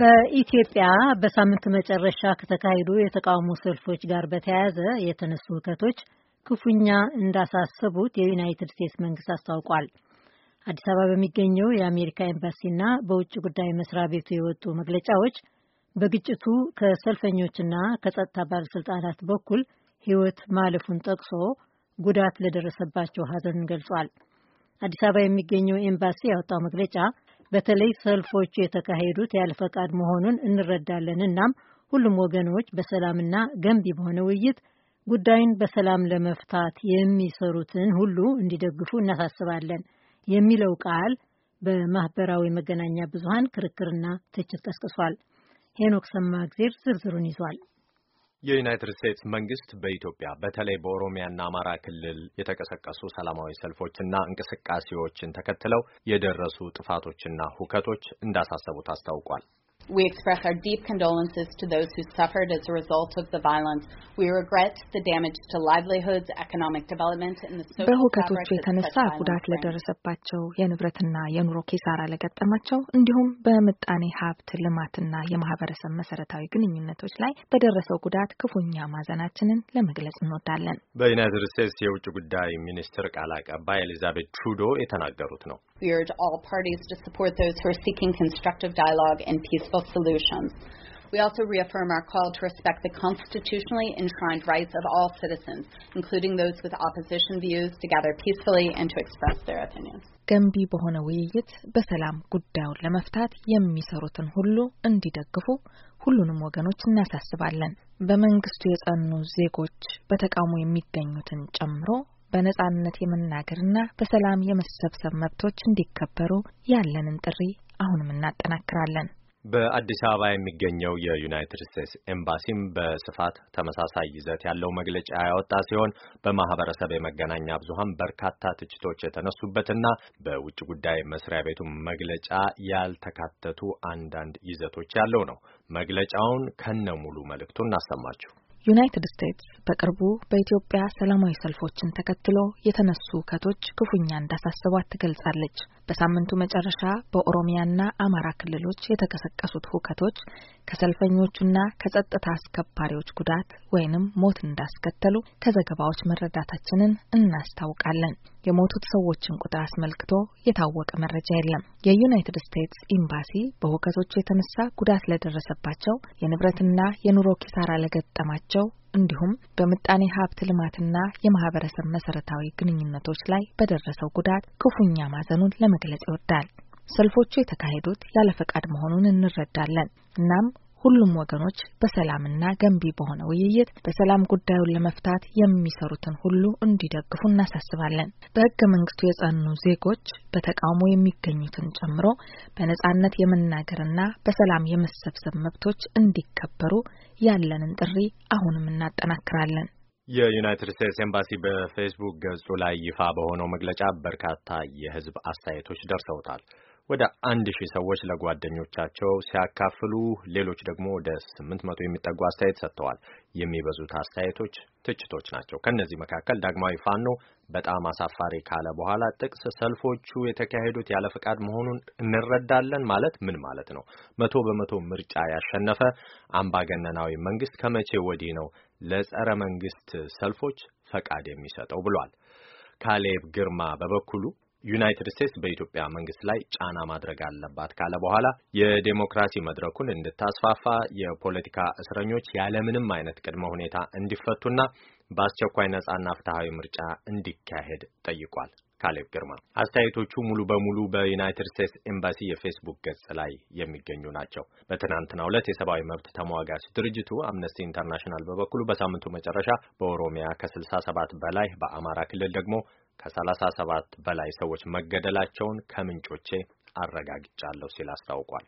በኢትዮጵያ በሳምንት መጨረሻ ከተካሄዱ የተቃውሞ ሰልፎች ጋር በተያያዘ የተነሱ ሁከቶች ክፉኛ እንዳሳሰቡት የዩናይትድ ስቴትስ መንግስት አስታውቋል። አዲስ አበባ በሚገኘው የአሜሪካ ኤምባሲና በውጭ ጉዳይ መስሪያ ቤቱ የወጡ መግለጫዎች በግጭቱ ከሰልፈኞችና ከጸጥታ ባለስልጣናት በኩል ሕይወት ማለፉን ጠቅሶ ጉዳት ለደረሰባቸው ሀዘን ገልጿል። አዲስ አበባ የሚገኘው ኤምባሲ ያወጣው መግለጫ በተለይ ሰልፎቹ የተካሄዱት ያለ ፈቃድ መሆኑን እንረዳለን። እናም ሁሉም ወገኖች በሰላምና ገንቢ በሆነ ውይይት ጉዳይን በሰላም ለመፍታት የሚሰሩትን ሁሉ እንዲደግፉ እናሳስባለን የሚለው ቃል በማህበራዊ መገናኛ ብዙሃን ክርክርና ትችት ቀስቅሷል። ሄኖክ ሰማእግዜር ዝርዝሩን ይዟል። የዩናይትድ ስቴትስ መንግስት በኢትዮጵያ በተለይ በኦሮሚያና አማራ ክልል የተቀሰቀሱ ሰላማዊ ሰልፎችና እንቅስቃሴዎችን ተከትለው የደረሱ ጥፋቶችና ሁከቶች እንዳሳሰቡት አስታውቋል። We express our deep condolences to those who suffered as a result of the violence. We regret the damage to livelihoods, economic development and the social በሁከቶቹ የተነሳ ጉዳት ለደረሰባቸው የንብረትና የኑሮ ኪሳራ ለገጠማቸው እንዲሁም በምጣኔ ሀብት ልማትና የማህበረሰብ መሰረታዊ ግንኙነቶች ላይ በደረሰው ጉዳት ክፉኛ ማዘናችንን ለመግለጽ እንወዳለን። በዩናይትድ ስቴትስ የውጭ ጉዳይ ሚኒስትር ቃል አቀባይ ኤሊዛቤት ትሩዶ የተናገሩት ነው። We urge all parties to support those who are seeking constructive dialogue and peaceful solutions. We also reaffirm our call to respect the constitutionally enshrined rights of all citizens, including those with opposition views, to gather peacefully and to express their opinions. ገንቢ በሆነ ውይይት በሰላም ጉዳዩን ለመፍታት የሚሰሩትን ሁሉ እንዲደግፉ ሁሉንም ወገኖች እናሳስባለን። በመንግስቱ የጸኑ ዜጎች በተቃውሞ የሚገኙትን ጨምሮ በነጻነት የመናገርና በሰላም የመሰብሰብ መብቶች እንዲከበሩ ያለንን ጥሪ አሁንም እናጠናክራለን። በአዲስ አበባ የሚገኘው የዩናይትድ ስቴትስ ኤምባሲም በስፋት ተመሳሳይ ይዘት ያለው መግለጫ ያወጣ ሲሆን በማህበረሰብ የመገናኛ ብዙሃን በርካታ ትችቶች የተነሱበትና በውጭ ጉዳይ መስሪያ ቤቱ መግለጫ ያልተካተቱ አንዳንድ ይዘቶች ያለው ነው። መግለጫውን ከነ ሙሉ መልእክቱ እናሰማችሁ። ዩናይትድ ስቴትስ በቅርቡ በኢትዮጵያ ሰላማዊ ሰልፎችን ተከትሎ የተነሱ ሁከቶች ክፉኛ እንዳሳሰቧት ትገልጻለች። በሳምንቱ መጨረሻ በኦሮሚያና አማራ ክልሎች የተቀሰቀሱት ሁከቶች ከሰልፈኞቹና ከጸጥታ አስከባሪዎች ጉዳት ወይንም ሞት እንዳስከተሉ ከዘገባዎች መረዳታችንን እናስታውቃለን። የሞቱት ሰዎችን ቁጥር አስመልክቶ የታወቀ መረጃ የለም። የዩናይትድ ስቴትስ ኤምባሲ በሁከቶቹ የተነሳ ጉዳት ለደረሰባቸው የንብረትና የኑሮ ኪሳራ ለገጠማቸው እንዲሁም በምጣኔ ሀብት ልማትና የማህበረሰብ መሰረታዊ ግንኙነቶች ላይ በደረሰው ጉዳት ክፉኛ ማዘኑን ለመግለጽ ይወዳል። ሰልፎቹ የተካሄዱት ያለ ፈቃድ መሆኑን እንረዳለን። እናም ሁሉም ወገኖች በሰላምና ገንቢ በሆነ ውይይት በሰላም ጉዳዩን ለመፍታት የሚሰሩትን ሁሉ እንዲደግፉ እናሳስባለን። በህገ መንግስቱ የጸኑ ዜጎች በተቃውሞ የሚገኙትን ጨምሮ በነጻነት የመናገርና በሰላም የመሰብሰብ መብቶች እንዲከበሩ ያለንን ጥሪ አሁንም እናጠናክራለን። የዩናይትድ ስቴትስ ኤምባሲ በፌስቡክ ገጹ ላይ ይፋ በሆነው መግለጫ በርካታ የህዝብ አስተያየቶች ደርሰውታል። ወደ አንድ ሺህ ሰዎች ለጓደኞቻቸው ሲያካፍሉ ሌሎች ደግሞ ወደ ስምንት መቶ የሚጠጉ አስተያየት ሰጥተዋል። የሚበዙት አስተያየቶች ትችቶች ናቸው። ከእነዚህ መካከል ዳግማዊ ፋኖ በጣም አሳፋሪ ካለ በኋላ ጥቅስ ሰልፎቹ የተካሄዱት ያለ ፈቃድ መሆኑን እንረዳለን ማለት ምን ማለት ነው? መቶ በመቶ ምርጫ ያሸነፈ አምባገነናዊ መንግስት ከመቼ ወዲህ ነው ለጸረ መንግስት ሰልፎች ፈቃድ የሚሰጠው ብሏል። ካሌብ ግርማ በበኩሉ ዩናይትድ ስቴትስ በኢትዮጵያ መንግስት ላይ ጫና ማድረግ አለባት ካለ በኋላ የዴሞክራሲ መድረኩን እንድታስፋፋ የፖለቲካ እስረኞች ያለምንም አይነት ቅድመ ሁኔታ እንዲፈቱና በአስቸኳይ ነጻና ፍትሐዊ ምርጫ እንዲካሄድ ጠይቋል። ካሌብ ግርማ። አስተያየቶቹ ሙሉ በሙሉ በዩናይትድ ስቴትስ ኤምባሲ የፌስቡክ ገጽ ላይ የሚገኙ ናቸው። በትናንትናው ዕለት የሰብአዊ መብት ተሟጋች ድርጅቱ አምነስቲ ኢንተርናሽናል በበኩሉ በሳምንቱ መጨረሻ በኦሮሚያ ከ67 በላይ በአማራ ክልል ደግሞ ከ37 በላይ ሰዎች መገደላቸውን ከምንጮቼ አረጋግጫለሁ ሲል አስታውቋል።